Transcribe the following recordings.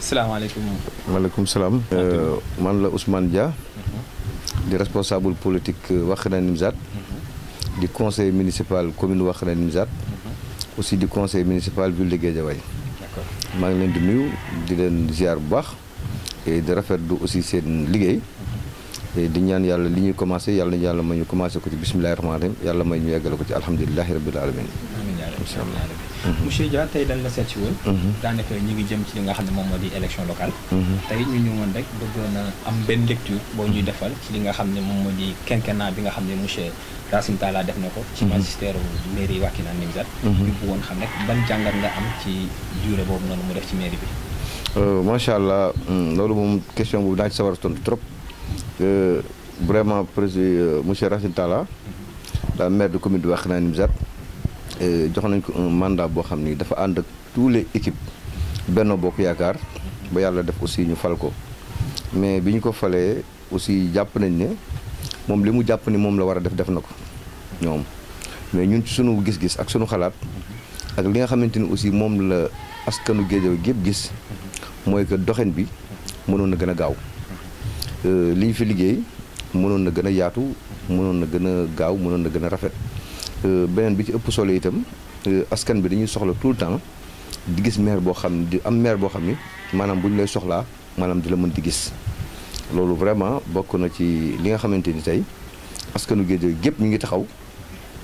salaamaaleykum. maaleykum salaam. Euh, man la Ousmane Dia. Mhm. di responsable politique euh, Wakhinane Nimzatt. Mhm. di conseil municipal commune Wakhinane Nimzatt. Mhm. aussi di conseil municipal ville de Guédiawaye. maa ngi leen di nuyu di leen ziar bu baax. di rafet du aussi seen liggéey. di ñaan yàlla li ñuy commencé yàlla nañu yàlla may ñu commencé ko ci bisimilahi rahmaani rahim yàlla may ñu yeggale ko ci alhamdulilahi rabil alamin. amiin incha allah monsieur mm-hmm. Dia tey dañ la seet si woon mm-hmm. daanaka ñi ngi jëm ci nga xam ne moom di élection locale tey ñu ñëwoon rek bëggoon a am benn lecture boo ñuy defal ci li nga xam ne moom moo di quinquennat bi nga xam ne monsieur Racine Talla def na ko ci magistère mairie Wakhinane Nimzatt ñu bëggoon xam rek ban jàngat nga am ci durée boobu noonu mu def ci mairie bi macha allah loolu moom question boobu naa ci sawar tontu trop vraiment président monsieur Racine Talla la maire de commune de Wakhinane Nimzatt Euh, jox nañ ko un mandat boo xam ni dafa ànd ak tous les équipes Benno Bokk Yaakaar ba yàlla def aussi ñu fal ko mais bi ñu ko falee aussi jàpp nañ ne moom li mu jàpp ni moom la war a def def na ko ñoom mais ñun ci sunu gis-gis ak sunu xalaat ak li nga xamante ni aussi moom la askanu Guédiawaye gépp gis mooy que doxin bi mënoon na gën a gaaw euh, li ñu fi liggéey mënoon na gën a yaatu mënoon na gën a gaaw mënoon na gën a rafet Euh, beneen bi ci ëpp solo itam euh, askan bi dañuy soxla tout le temps di gis maire boo xam di am maire boo xam ni maanaam bu ñu lay soxlaa maanaam di la mën di gis loolu vraiment bokk na ci li nga xamante ni tey askanu Guédiawaye gépp ñu ngi taxaw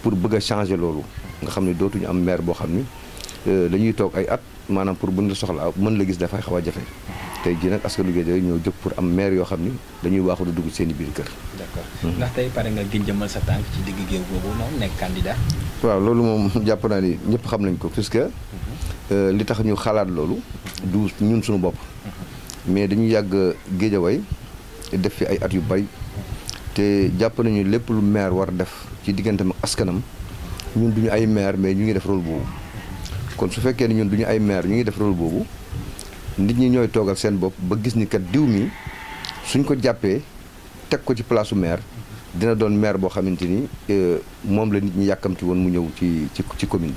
pour bëgg a changer loolu nga xam ne dootuñu am maire boo xam ni euh, dañuy toog ay at maanaam pour bu buñ la soxlaa mën la gis dafay xaw a jafe tey jii nag askan wi Guédiawaye ñoo jóg pour am maire yoo xam ni dañuy waaxu di dugg seen i biir kër. d'accord ndax tey pare nga gën jëmal sa tànk ci digg géew boobu noonu nekk candidat. waaw loolu moom jàpp naa ni ñëpp xam nañ ko puisque mhm. euh, li tax ñu xalaat lolu du ñun suñu bop mhm. mais dañu yàgg Guédiawaye def fi ay at yu bari te jàpp nañu lépp lu maire war def ci digganteem ak askanam ñun duñu ay maire mais ñu ngi def rôle boobu kon su fekkee ni ñun duñu ay maire ñu ngi def rôle boobu. nit ñi ñooy toogal seen bopp ba gis ni kat diw mi suñ ko jàppee teg ko ci place maire dina doon maire boo xamante ni euh, moom la nit ñi yàkkamti woon mu ñëw ci ci ci commune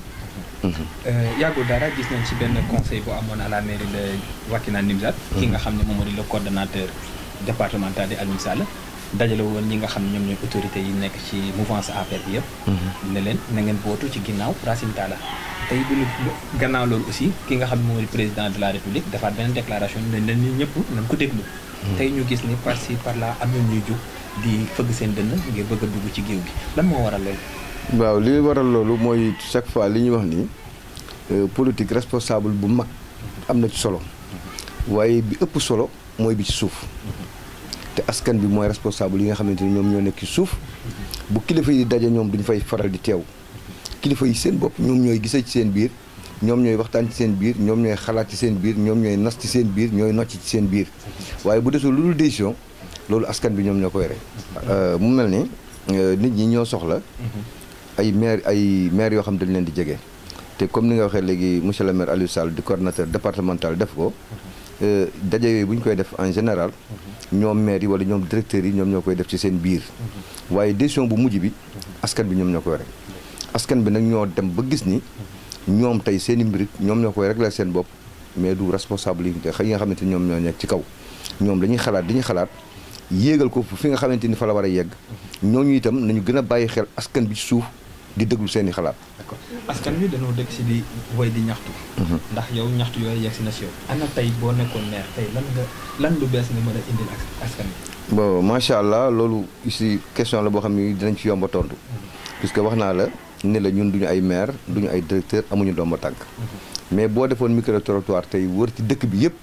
mhm. euh, yàggul dara gis nañ ci benn conseil bu amoon à la mairie de Wakhinane Nimzatt mhm. ki nga xam ne moom moo di le coordonnateur départemental di Alioune Sall dajale woon ñi nga xam ne ñoom ñooy autorités yi nekk ci mouvance APR bi e yëpp mhm. ne leen na ngeen bootu ci ginnaaw Racine Talla tey bu gannaaw loolu aussi ki nga xam ne mooy président de la république dafaat beneen déclaration nañ leen ñi ñëpp nañ ko déglu hmm. tey ñu gis ni par ci par là am na ñuy jóg di fëgg seen dënn ngir bëgg a dugg ci géew gi lan moo waral loolu waaw li waral loolu mooy chaque fois li ñuy wax ni euh, politique responsable bu mag am na ci solo waaye bi ëpp solo mooy bi ci suuf te askan bi mooy responsable yi nga xamante ni ñoom ñoo nekk ci suuf bu kilifa yi daje ñoom duñu fay faral di teew kilifa yi seen bopp ñoom ñooy gisee ci seen biir ñoom ñooy waxtaan ci seen biir ñoom ñooy xalaat ci seen biir ñoom ñooy nas ci seen biir ñooy nocc ci seen biir waaye bu desul lu dul décision loolu askan bi ñoom ñoo koy rey euh, mu mel ni euh, nit ñi ñoo soxla ay maire ay maire yoo xam dañ leen di jege te comme ni nga waxee léegi monsieur le maire Aliou Sall di coordonnateur départemental def ko euh, daje bu ñu koy def en général ñoom maire yi wala ñoom directeurs yi ñoom ñoo koy def ci seen biir waaye décision bu mujj bi askan bi ñoom ñoo koy rey askan bi nag ñoo dem ba gis ni ñoom tey seen i mbir ñoom ñoo koy régler seen bopp mais du responsable yi nga xamante ni ñoom ñoo nekk ci kaw ñoom dañuy xalaat dañuy xalaat yéegal ko fi nga xamante ni fa la war a yegg ñooñu itam nañu gën a bàyyi xel askan bi ci suuf di déglu seen i xalaat. d'accord askan wi dañoo dëkk si di woy di ñaxtu. Mhm. ndax yow ñaxtu yooyu yegg si na si yow. ana tey boo nekkoon maire tey lan lu bees nga mën a indil askan wi. bon macha allah loolu si question la boo xam ni dinañ ci yomba tontu. Mhm. puisque wax naa la. ne la ñun duñu ay maire duñu ay directeur amuñu doomu tànk mais boo defoon micro trottoir tey wër ci dëkk bi yëpp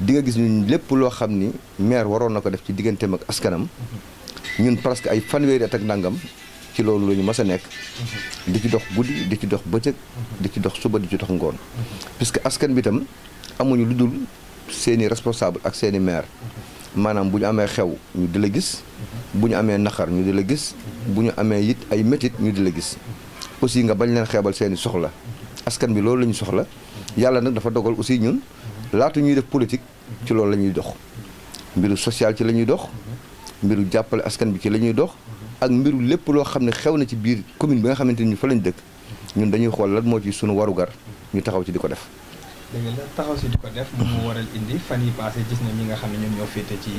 di nga gis ñun lépp loo xam maire waroon na def ci digganteem ak askanam ñun presque ay fanweeri at nangam ci loolu la ñu mas a nekk di ci dox guddi di ci dox bëccëg di ci dox suba di ci dox ngoon puisque askan bi tam amuñu lu seeni responsable ak seeni maire maanaam bu ñu xew ñu di gis bu ñu amee ñu di gis bu ñu amee it ay métit ñu gis aussi nga bañ leen xeebal seen i soxla askan bi loolu la ñu soxla yàlla nag dafa dogal aussi ñun laata ñuy def politique ci loolu la ñuy dox mbiru social ci la ñuy dox mbiru jàppale askan bi ci la ñuy dox ak mbiru lépp loo xam ne xew na ci biir commune bi nga xamante ni fa lañu dëkk ñun dañuy xool la moo ci sunu warugar ñu taxaw ci di ko def dëgg la taxaw si di ko waral indi fan yi passé gis na ñi nga xam ne ñoom ñoo féete ci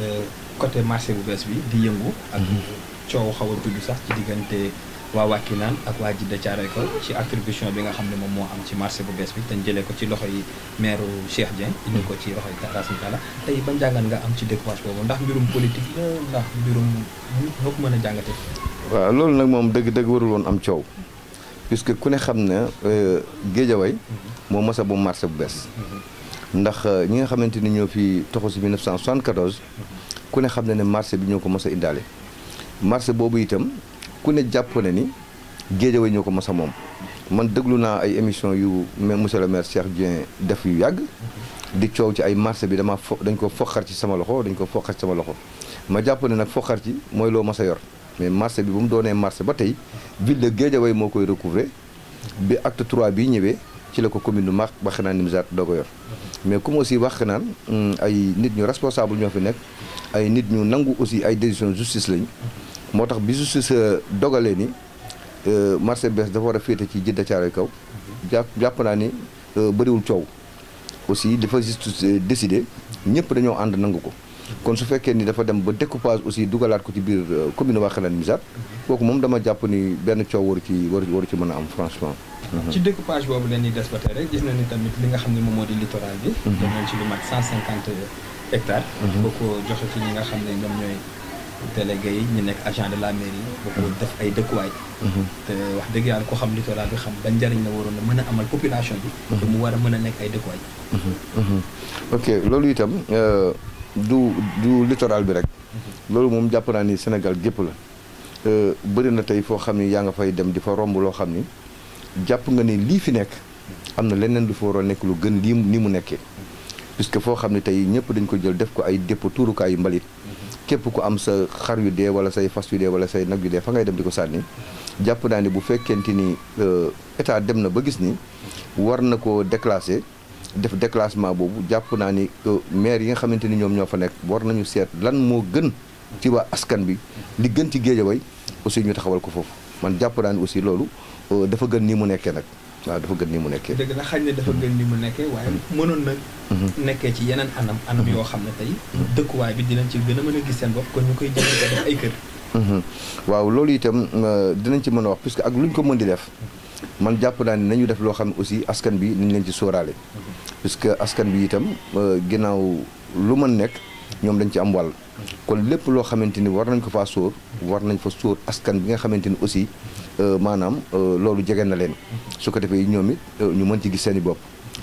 euh, côté marché bu bees bi di yëngu ak mhm. coow xaw a waa naan ak waa Djiddah Thiaroye Kaw ci attribution bi nga xam ne moom moo am ci marché bu bees bi te jëlee ko ci loxo yi maire Cheikh Dieng indi ko ci loxo yi Racine Talla tey ban jàngat nga am ci découpage boobu ndax mbirum politique la ndax mbirum mën a jàngate loolu nag moom dëgg-dëgg warul woon am coow puisque ku ne xam ne euh, Géejawaay mhm. moo masa bu marché bu bees mhm. ndax euh, ñi nga xamante ni ñoo fi toxu si 1974 mhm. ku ne xam ne ne marché bi ñoo ko mos a indaale marché boobu itam ku ne jàpp ne ni Guédiawaye ñoo ko mos man déglu na ay émission yu monsieur le maire Cheikh Dieng def yu yag di ciow ci ay marché bi dama dañ ko foqar ci sama loxo dañ ko foqar ci sama loxo ma jàpp nak nag ci moy lo mas yor mais marché bi bu mu donné marché ba tey ville de Guédiawaye moo koy recouvrer bi acte 3 bi ñëwee ci la ko commune du Max Wakhinane Nimzatt doo ko yor mais comme aussi wax Wakhinane mm, ay nit ñu responsable ñofi nek ay nit ñu nangu aussi ay décision justice lañ moo tax bi justice dogalee ni euh, marché bees dafa war a féete ci jidda caaroy kaw jàpp jàpp naa ni euh, bëriwul coow aussi dafa justice euh, décidé ñëpp dañoo ànd nangu ko kon su fekkee ni dafa dem ba découpage aussi dugalaat ko ci biir commune Wakhinane Nimzatt kooku moom dama jàpp ni benn coow waru ci waru waru ci mën a am franchement ci découpage boobu la ñuy des ba tey rek gis na ni tamit li nga xam ne moom moo di littoral bi mhm. dem lu mat 150 hectares mhm. boo ko ñi nga xam ne ñoom ñooy délégué yi ñu nekk agent de la mairie boobu def ay dëkkuwaay mhm. te wax dëgg yàlla ko xam littoral bi xam ban njariñ la waroon a mën a amal population bi te mhm. mu war a mën a nekk ay dëkkuwaay mhm. ok loolu itam euh, du du littoral bi rek loolu moom jàpp naa ni Sénégal gépp la euh, bëri na tey foo xam ni yaa nga fay dem di fa romb loo xam ni jàpp nga ni lii fi nekk am na leneen du fa war nekk lu gën lii ni mu nekkee puisque foo xam ne tey ñëpp dañ ko jël def ko ay dépôt tuurukaayu mbalit képp ku am sa xar yu dee wala say fas yu dee wala say nag yu dee fa ngay dem di ko sànni jàpp naa ni bu fekkente ni euh, état dem na ba gis ni war na ko déclasser def déclassement boobu jàpp naa ni euh, maire yi nga xamante ni ñoom ñoo fa nekk war nañu seet lan moo gën ci waa askan bi li gën ci Guédiawaye aussi ñu taxawal ko foofu man jàpp naa ni aussi loolu euh, dafa gën ni mu nekkee nag waaw dafa gën ni mu nekkee. dëgg la xañ ne ni mu nekkee waaye mm-hmm. mënoon na. Mm-hmm. nekkee ci yeneen anam anam mm-hmm. yoo xam ne tey. dëkkuwaay bi dinañ ci gën a mën a gis seen bopp kon ñu koy jëlee ko def ay kër. waaw loolu itam euh, dinañ ci mën a wax puisque ak lu ñu ko mën di def man jàpp naa ne nañu def loo xam ne aussi askan bi nañ leen ci sóoraale. puisque askan bi itam euh, ginnaaw lu mën nekk ñoom dañ ci am wal kon lépp loo xamante ni war nañ ko faa sóor nañ fa sóor askan bi nga xamante ni aussi. Euh, maanaam euh, loolu jege na leen su ko defee ñoom it euh, ñu mën ci gis seen i bopp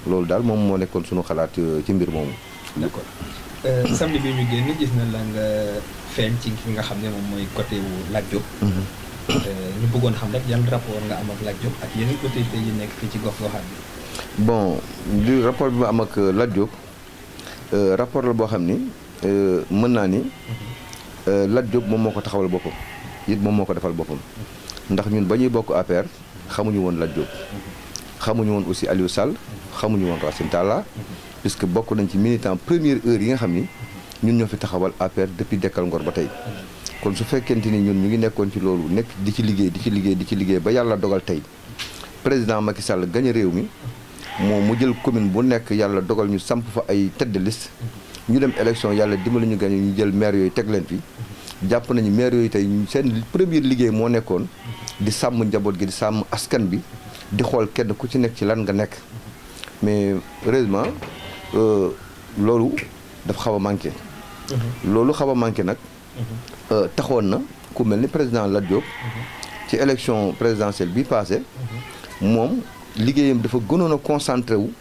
loolu daal moom moo nekkoon suñu xalaat ci mbir moomu. d'accord samedi bi ñu gis na la nga ci ki nga xam ne moom mooy côté wu Lat mhm. ñu bëggoon xam rek yan rapport nga am ak Lat Diop ak yeneen autorités yi nekk fii ci gox goxaat bi. bon li rapport bi ma am ak Lat rapport la boo xam ni mën naa ni mhm. Lat Diop moom moo ko taxawal boppam it moom moo ko defal boppam. ndax ñun ba ñuy bokk APR xamuñu woon Lat Diop xamuñu woon aussi Aliou Sall xamuñu woon Racine Talla puisque bokk nañ ci militant première heure yi nga xam ni ñun ñoo fi taxawal APR depuis dekkal ngor ba tey kon su fekkente ni ñun ñu ngi nekkoon ci loolu nekk di ci liggéey di ci liggéey di ci liggéey ba yàlla dogal tey président Macky Sall gañ réew mi moom mu jël commune bu nekk yàlla dogal ñu samp fa ay tête de ñu dem élection yàlla dimbali ñu gañ ñu jël maire yooyu teg leen fi jàpp nañu maire yoy tay sen première ligue mo nekkone di sam njabot gi di sam askan bi di xol kedd ku ci nek ci lan nga nek mais heureusement euh, lolu dafa xaw a manqué mhm. loolu xaw nak manqué mhm. euh, taxone na ku melni président Lat Diop mhm. ci élection présidentielle bi passé mom liggéeyam dafa gënoon concentré wu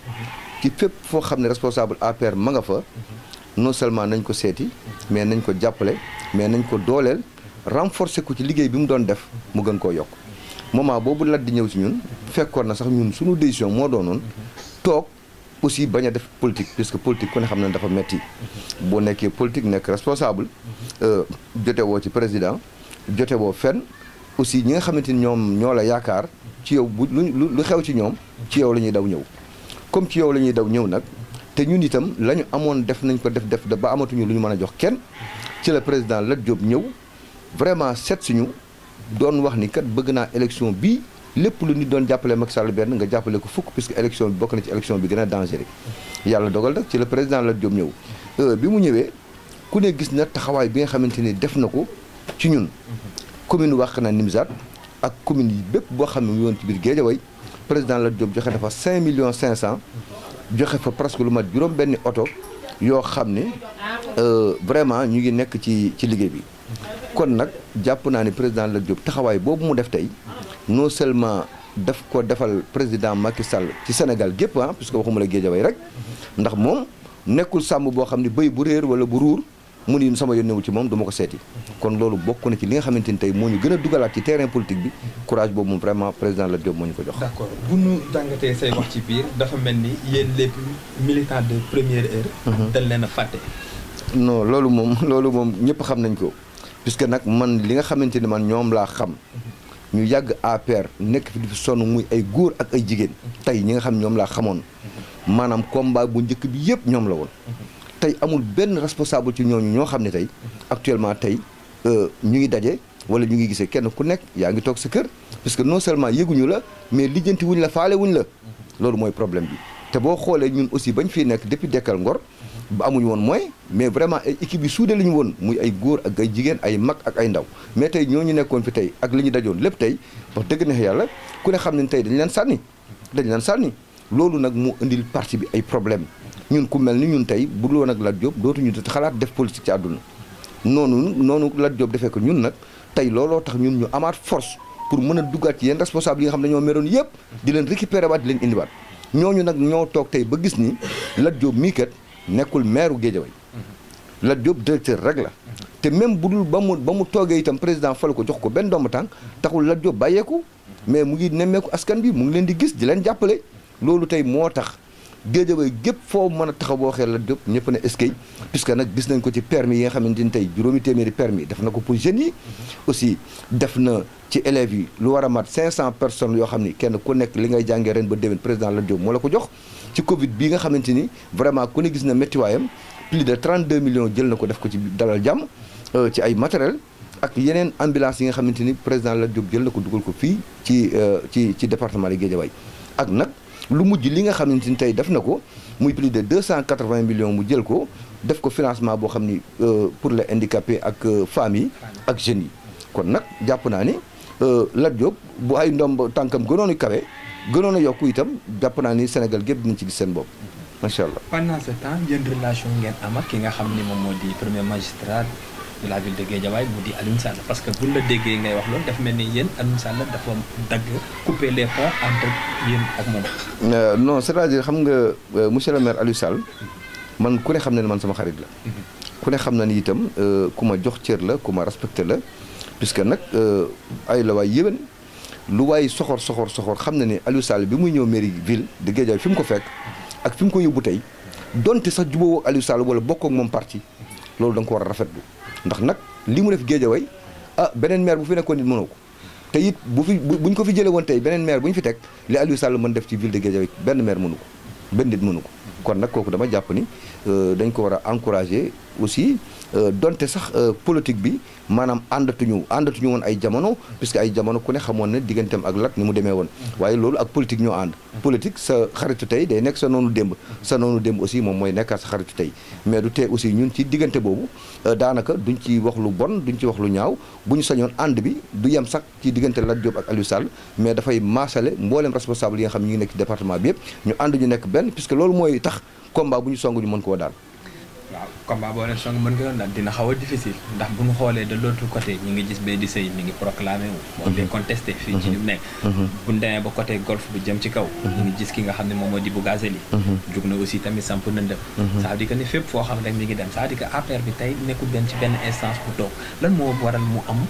ci fep fo xamné responsable APR ma nga fa non seulement nañ ko séti mais nañ ko jàppale mais nañ ko dooleel renforcer ko ci liggéey bi mu doon def mu gën koo yokk moment boobu lat di ñëw si ñun fekkoon na sax ñun suñu décision moo doon doonoon toog aussi bañ a def politique puisque politique ku ne xam ne dafa metti boo nekkee politique nekk responsable euh, jote woo ci président jote woo fenn aussi ñi nga xamante ni ñoom ñoo la yaakaar ci yow lu lu xew ci ñoom ci yow la ñuy daw ñëw comme ci yow la ñuy daw ñëw nag te ñun itam la ñu amoon def nañ ko def def ba amatuñu lu ñu mën a jox kenn ci la président Lat joob ñëw vraiment seet suñu doon wax ni kat bëgg naa élection bii lépp lu nit doon jàppale Macky Sall benn nga jàppale ko fukk puisque élection bi bokk na ci élection bi gën a dangereux yàlla dogal nag ci la président Lat Diop ñëw euh, bi mu ñëwee ku ne gis na taxawaay bi nga xamante ni def na ko ci ñun commune Wakhinane Nimzatt ak commune yi bépp boo xam ne mu yoon ci biir Guédiawaye président Lat Diop joxe dafa 5 millions 500 joxe fa presque lu mat juróom benni oto yoo xam ne euh, vraiment ñu ngi nekk ci ci liggéey bi kon nag jàpp naa ne président Lat jóg taxawaay boobu mu def tey non seulement daf ko defal président Macky Sall ci Sénégal gépp ah puisque waxuma la Guédiawaye rek ndax moom nekkul sàmm boo xam ne béy bu réer wala bu ruur mu ni sama yónnewu ci moom duma ko seeti kon loolu bokk na ci li nga xamante ni tey moo ñu gën a dugalaat ci terrain politique bi courage boobu moom vraiment président la Diop moo ñu ko jox. d'accord bu ñu jàngatee say wax ci biir dafa mel ni yéen les militants de première heure. Mhm. dañ leen a fàtte. non loolu moom loolu moom ñëpp xam nañ ko puisque nag man li nga xamante ni man ñoom laa xam. Mhm. ñu yàgg APR nekk fi di sonn muy ay góor ak ay jigéen mhm. tey ñi nga xam ñoom laa xamoon maanaam combat bu njëkk bi yëpp ñoom la woon tey amul benn responsable ci ñooñu ñoo xam ne tey actuellement tey ñu ngi daje wala ñu ngi gisee kenn ku nekk yaa ngi toog sa kër parce que non seulement yëguñu la mais lijjanti wuñ la faale wuñ la loolu mooy problème bi te boo xoolee ñun aussi bañ fi nekk depuis dekkal ngor ba amuñu woon mooy mais vraiment ay équipe yi suudee la woon muy ay góor ak ay jigéen ay mag ak ay ndaw mais tey ñoo ñu nekkoon fi tey ak li ñu dajoon lépp tey wax dëgg neex yàlla ku ne xam ne tey dañ leen sànni dañ leen sànni loolu nag mu indil parti bi ay problème ñun ku mel ni ñun tey bu dul woon ak Lat Diop dootuñu xalaat def politique ci àdduna noonu noonu Lat Diop defee ko ñun nag tey looloo tax ñun ñu amaat force pour mën a duggaat ci yenn responsable yi nga xam ne ñoo meroon yëpp di leen récupérer waat di leen indiwaat ñooñu nag ñoo toog tey ba gis ni Lat Diop mii kat nekkul maire u Guédiawaye Lat Diop rek la te même bu dul ba mu ba mu toogee itam président fal ko jox ko benn doomu tànk taxul Lat Diop bàyyeeku mais mu ngi nemmeeku askan bi mu ngi leen di gis di leen jàppale loolu tey moo tax géejawaay gépp foo mën a taxaw boo xee Lat Diop ñëpp ne eskay puisque nag gis nañ ko ci permis yi nga xamante ni tey juróomi téeméeri permis def na ko pour jeunes yi mhm. aussi def na ci élèves yi lu war a mat cent personnes yoo xam ni kenn ku nekk li ngay jàngee ren ba déwén président Lat Diop moo la ko jox ci covid bi nga xamante ni vraiment ku ne gis na méttiwaayam plus de 32 millions jël na ko def ko ci dalal jàmm euh, ci ay matériel ak yeneen ambulance yi nga xamante ni président Lat Diop jël na ko dugal ko fii ci euh, ci ci département de Guédiawaye ak nag lu mujj li nga xamante ni tey def na ko muy plus de 280 millions mu jël ko def ko financement boo xam ni euh, pour les handicapés ak euh, femmes yi ak jeunes yi kon nag jàpp naa ni euh, Lat Diop bu ay ndomb tànkam gënoon a kawe gënoon a yokku itam jàpp naa ni Sénégal gépp dinañ ci gis seen bopp macha allah. pendant ce temps yéen relation ngeen am ak ki nga xam ni moom moo di premier magistrat. de la ville de Guédiawaye mu di Aliou parce que buñ la déggee ngay wax loolu dafa mel ni yéen Aliou Sall dafa dagg couper les ponts entre yéen ak moom. Euh, non cest à xam nga euh, monsieur le maire Aliou Sall man ku ne xam na ne man sama xarit la. Mhm. ku ne xam na ni itam euh, ku ma jox cër la ku ma respecté la puisque nag ay la waay yéwén lu waay soxor soxor soxor xam na ne Aliou Sall bi muy ñëw mairie ville de Guédiawaye fi mu ko fekk ak fi mu ko yóbbu tey donte sax jubóo ak Aliou wala bokk ak moom parti loolu da war a rafetlu. ndax nag li mu def géejaway ah beneen maire bu fi nekkoon nit mënu ko te it bu fi buñ ko fi jële woon tey beneen maire bu ñu fi teg li Aliou Sall man def ci ville de Guédiawaye benn maire mënu ko benn nit mënu ko kon nag kooku dama jàpp ni euh, dañ ko war a encourager aussi euh, donte sax euh, politique bi maanaam àndatuñu àndatuñu woon ay jamono parce que ay jamono ku ne xamoon ne digganteem ak lat ni mu demee woon waaye loolu ak politique ñoo ànd politique sa xaritu tey day nekk sa noonu démb sa noonu démb aussi moom mooy nekkaat sa xaritu tey mais du tee aussi ñun ci diggante boobu euh, daanaka duñ ci wax lu bon duñ ci wax lu ñaaw bu ñu sañoon ànd bi du yem sax ci diggante Lat Diop ak Aliou mais dafay maasale mbooleem responsable yi nga xam ñu ngi nekk ci yëpp ñu ànd ñu nekk benn puisque loolu mooy tax combat bu song ñu mën koo daal waaw combat boo leen song mën nga doon daan a difficile xoolee de l' autre côté ngi gis bee di sëy mi ngi proclamé wu mhm. mhm. ci kaw mhm. ñi ngi gis ki nga xam ne moom moo di Bougazelli jug aussi tamit samp nëndëm ça veut xam rek mi ngi dem ça veut dire bi tey nekkul benn ci benn instance bu toog lan moo waral mu am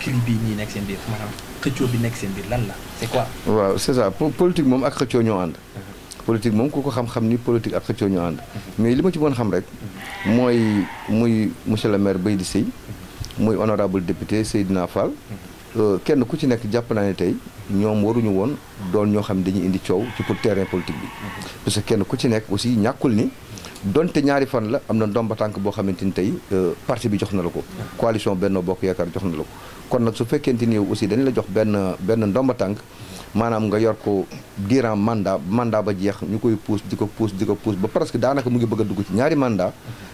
cli bii ñii nekk seen biir maanaam xëccoo bi nekk seen biir lan la c'est quoi waaw c'est ça politique moom ak xëccoo ñoo ànd politique moom ku ko xam-xam ni politique ak xëccoo ñu ànd. mais li ma ci mën xam rek. mooy muy monsieur le maire Baydi Sèye muy honorable député Seydina Fall. Euh, kenn ku ci nekk jàpp naa ne tey ñoom waruñu woon doon ñoo xam ne dañuy indi coow ci pour terrain politique bi. parce que kenn ku ci nekk aussi ñàkkul ni. donte ñaari fan la am na ndomba tànk boo xamante ni tey euh, parti bi jox na la ko. coalition Benno Bokk Yaakaar jox na la ko. kon nag su fekkente ni aussi dañ la jox benn benn ndomba tànk. maanaam nga yor ko diiran mandat mandat ba jeex ñu koy puus di ko puus di ko puus ba presque daanaka mu ngi bëgg a dugg ci ñaari mandat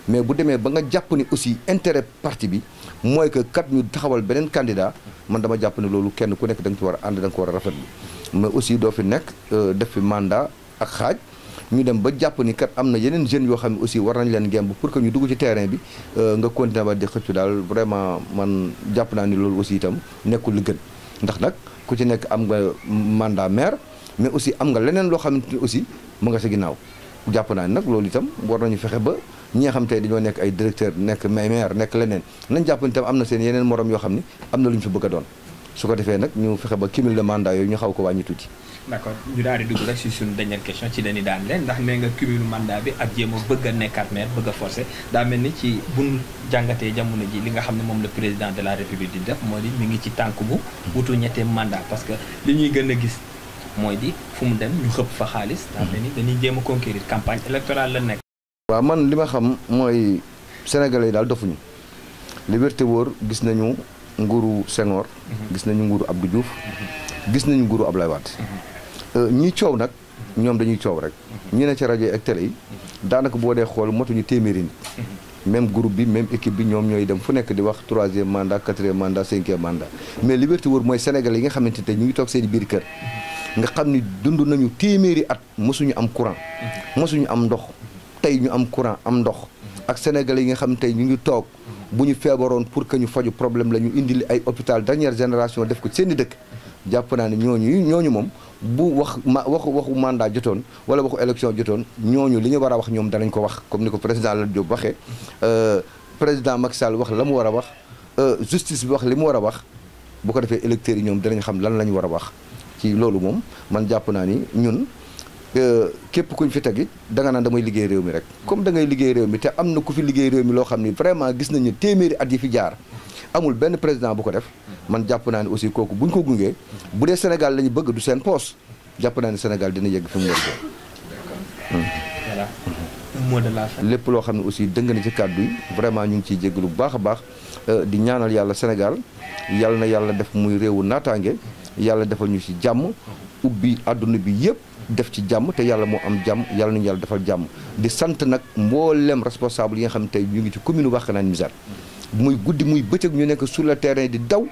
mais bu demee ba nga jàpp ni aussi intérêt parti bi mooy que kat ñu taxawal beneen candidat man dama jàpp ne loolu kenn ku nekk da nga ci war a ànd da ko war a rafetlu mais aussi doo fi nekk euh, def fi mandat ak xaaj ñu dem ba jàpp ni kat am na yeneen jeunes yoo xam ne aussi war nañ leen gemb pour que ñu dugg ci terrain bi euh, nga continuer ba di xëccu daal vraiment man jàpp naa ni loolu aussi itam nekkul lu gën ndax nag ku ci nekk am nga mandat maire mais aussi am nga leneen loo xamante ni aussi mu nga si ginnaaw jàpp naa ne nag loolu itam war nañu fexe ba ñi nga xam te dañoo nekk ay directeur nekk mais maire nekk leneen nañ jàpp ni am na seen yeneen morom yoo xam ne am na lu ñu fi bëgg a doon su ko defee nag ñu fexe ba cumul de mandat yooyu ñu xaw ko wàññi tuuti d' accord ñu daal di dugg rek si suñu dernière question ci dañuy daan leen ndax nee nga cumul mandat bi ak jéem a bëgg a nekkaat maire bëgg a daa mel ni ci buñ jàngatee jamono ji li nga xam ne moom le président de la république di def moo di mi ngi ci tànk bu wutu ñettee mandat parce que li ñuy gën a gis mooy di fu mu dem ñu xëpp fa xaalis mm-hmm. daa mel ni dañuy jéem a conquérir campagne électorale la nekk waaw man li ma xam mooy sénégalais yi daal dofuñu liberté gis nañu nguuru Senghor mm-hmm. gis nañu nguuru Abdou Diouf mm-hmm. gis nañu nguuru Ablaye Euh, ñi coow nag ñoom dañuy coow rek mhm. ñi ne ci rajo ak télé yi daanaka boo dee xool motuñu téeméeri nit mhm. même groupe bi même équipe bi ñoom ñooy dem fu nekk di wax troisième mandat quatrième mandat cinquième mandat mais liberté wër mooy Sénégal yi nga xamante ne ñu ngi toog seen biir kër mhm. nga xam ni dund nañu téeméeri at mosuñu am courant mosuñu am ndox tey ñu am courant am ndox ak Sénégal yi nga xam tey ñu ngi toog bu ñu feebaroon pour que ñu faju problème la ñu indil ay hôpital dernière génération def ko seen i dëkk jàpp naa ne ñooñu ñooñu moom bu wax ma waxu waxu mandat jotoon wala waxu élection jotoon ñooñu li ñu war a wax ñoom danañ ko wax comme ni ko président Lat Diop waxee euh, président Macky Sall wax la mu war a wax euh, justice bi wax li mu war a wax boo ko defee électeurs yi ñoom danañ xam lan la ñu war a wax ci loolu moom man jàpp naa ni ñun euh, képp kuñ fi tegit da nga naan damay liggéey réew mi rek comme dangay liggéey réew mi te am na ku fi liggéey réew mi loo xam ni vraiment gis nañu téeméeri at yi fi jaar amul benn président bu ko def man jàpp naa ne aussi kooku bu ñu ko gungee bu dee Sénégal la ñu bëgg du seen poos jàpp naa ne Sénégal dina yegg fi mu war lépp loo xam ne aussi dëng na ci kàddu yi vraiment ñu ngi ciy jégg lu baax a baax euh, di ñaanal yàlla Sénégal yàlla na yàlla def muy réewu naataange yàlla defal ñu ci jàmm ubbi àdduna bi yëpp def ci jàmm te yàlla moo am jàmm yàlla nañu yàlla defal jàmm di sant nag mboolem responsable yi nga xam ne tey ñu ngi ci commune Wakhinane Nimzatt muy guddi muy bëccëg ñu nekk sur le terrain di daw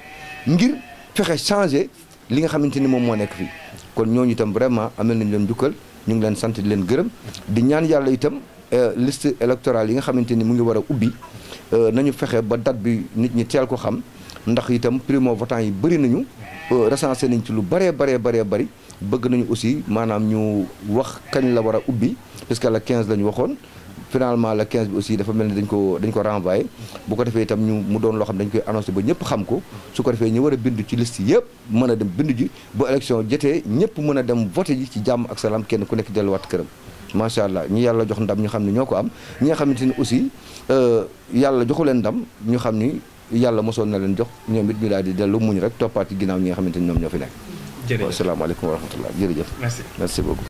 ngir fexe changé li nga xamante ni moom moo nekk fii kon ñooñu itam vraiment amel nañ leen njukkal ñu ngi leen sant di leen gërëm di ñaan yàlla itam euh, liste électorale yi nga xamante ni mu ngi war a ubbi euh, nañu fexe ba date bi nit ñi teel ko xam ndax itam primo votant yi bëri nañu euh, recensé nañ ci lu bëree baree baree bari bëgg nañu aussi maanaam ñu wax kañ la war a ubbi que la 15 la ñu waxoon finalement le 15 bi aussi dafa mel ni dañ ko dañ ko renvoyé bu ko defee itam ñu mu doon loo xam dañ koy annoncé ba ñëpp xam ko su ko defee ñu war a bindu ci liste yëpp mën a dem bindu ji bu élection jotee ñëpp mën a dem voté ji ci jàmm ak salaam kenn ku nekk delluwaat këram macha allah ñu yàlla jox ndam ñu xam ne ñoo ko am ñi nga xamante ni aussi euh, yàlla joxu leen ndam ñu xam ni yàlla mosoon na leen jox ñoom it ñu daal di dellu muñ rek toppaat ci ginnaaw ñi nga xamante ni ñoom ñoo fi nekk. jërëjëf asalaamaaleykum wa rahmatullah jërëjëf. merci